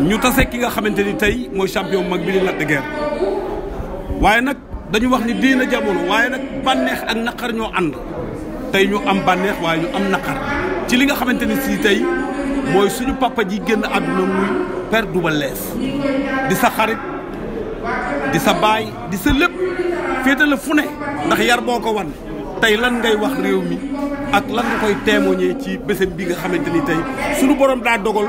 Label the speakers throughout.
Speaker 1: ñu tase ki nga xamante ni tey mooy champion mag bi di Lac de Guiers waaye nag dañu wax ni diina jamono waaye nag bànneex ak naqar ñoo ànd tey ñu am bànneex waaye ñu am naqar ci li nga xamante ni si tey mooy suñu papa ji génn àdduna muy Père Double Less di sa xarit di sa baay di sa lépp féete fu ne ndax yar boo ko wan tey lan ngay wax réew mi ak lan nga koy témoigner ci bésam bi nga
Speaker 2: xamante ni tey suñu borom daa dogal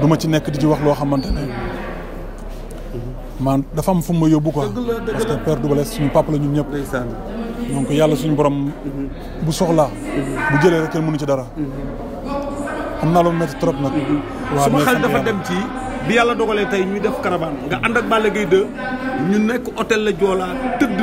Speaker 2: du ma ci nekk di ci wax loo xamante ne man dafa am fum ma yóbbu quoi parce que Père suñu pàpp la ñun ñëpp donc yàlla suñu borom bu soxlaa bu jëlee rek mënu ci dara xam mhm. naa loolu métti trop nag mhm. suma xel dafa dem ci
Speaker 1: bi yàlla dogalee tey ñuy def caravane nga ànd ak Balla Gaye 2 ñu nekk hôtel la Joola tëdd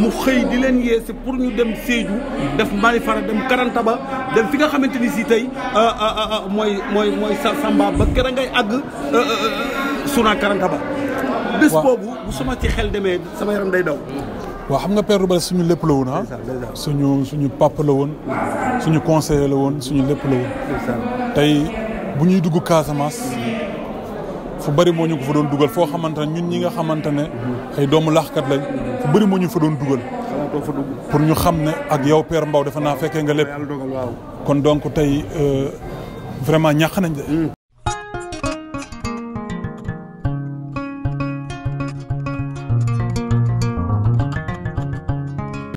Speaker 1: mu xëy di leen yeesi pour ñu dem Sédhiou def Mali Fara dem ba dem fi nga xamante ni si tey euh, euh, euh, mooy mooy mooy Samba ba kër ngay àgg suna Karantaba bés boobu bu sama ci xel demee sama yaram day daw
Speaker 2: waa xam nga Père Roubaix suñu lépp la woon ah suñu suñu papa la woon suñu conseiller la woon suñu lépp la woon tey bu ñuy dugg Casamance fu bëri moo ñu ko fa doon dugal foo xamante ne ñun ñi nga xamante ne ay doomu laxkat lañ fu bëri moo ñu fo doon dugal pour ñu xam ne ak yow Père Mbaw defe naa fekkee nga lépp kon donc tey euh, vraiment ñàq nañ